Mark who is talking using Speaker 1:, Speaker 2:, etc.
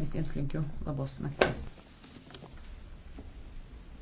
Speaker 1: visiems linkiu labos nakties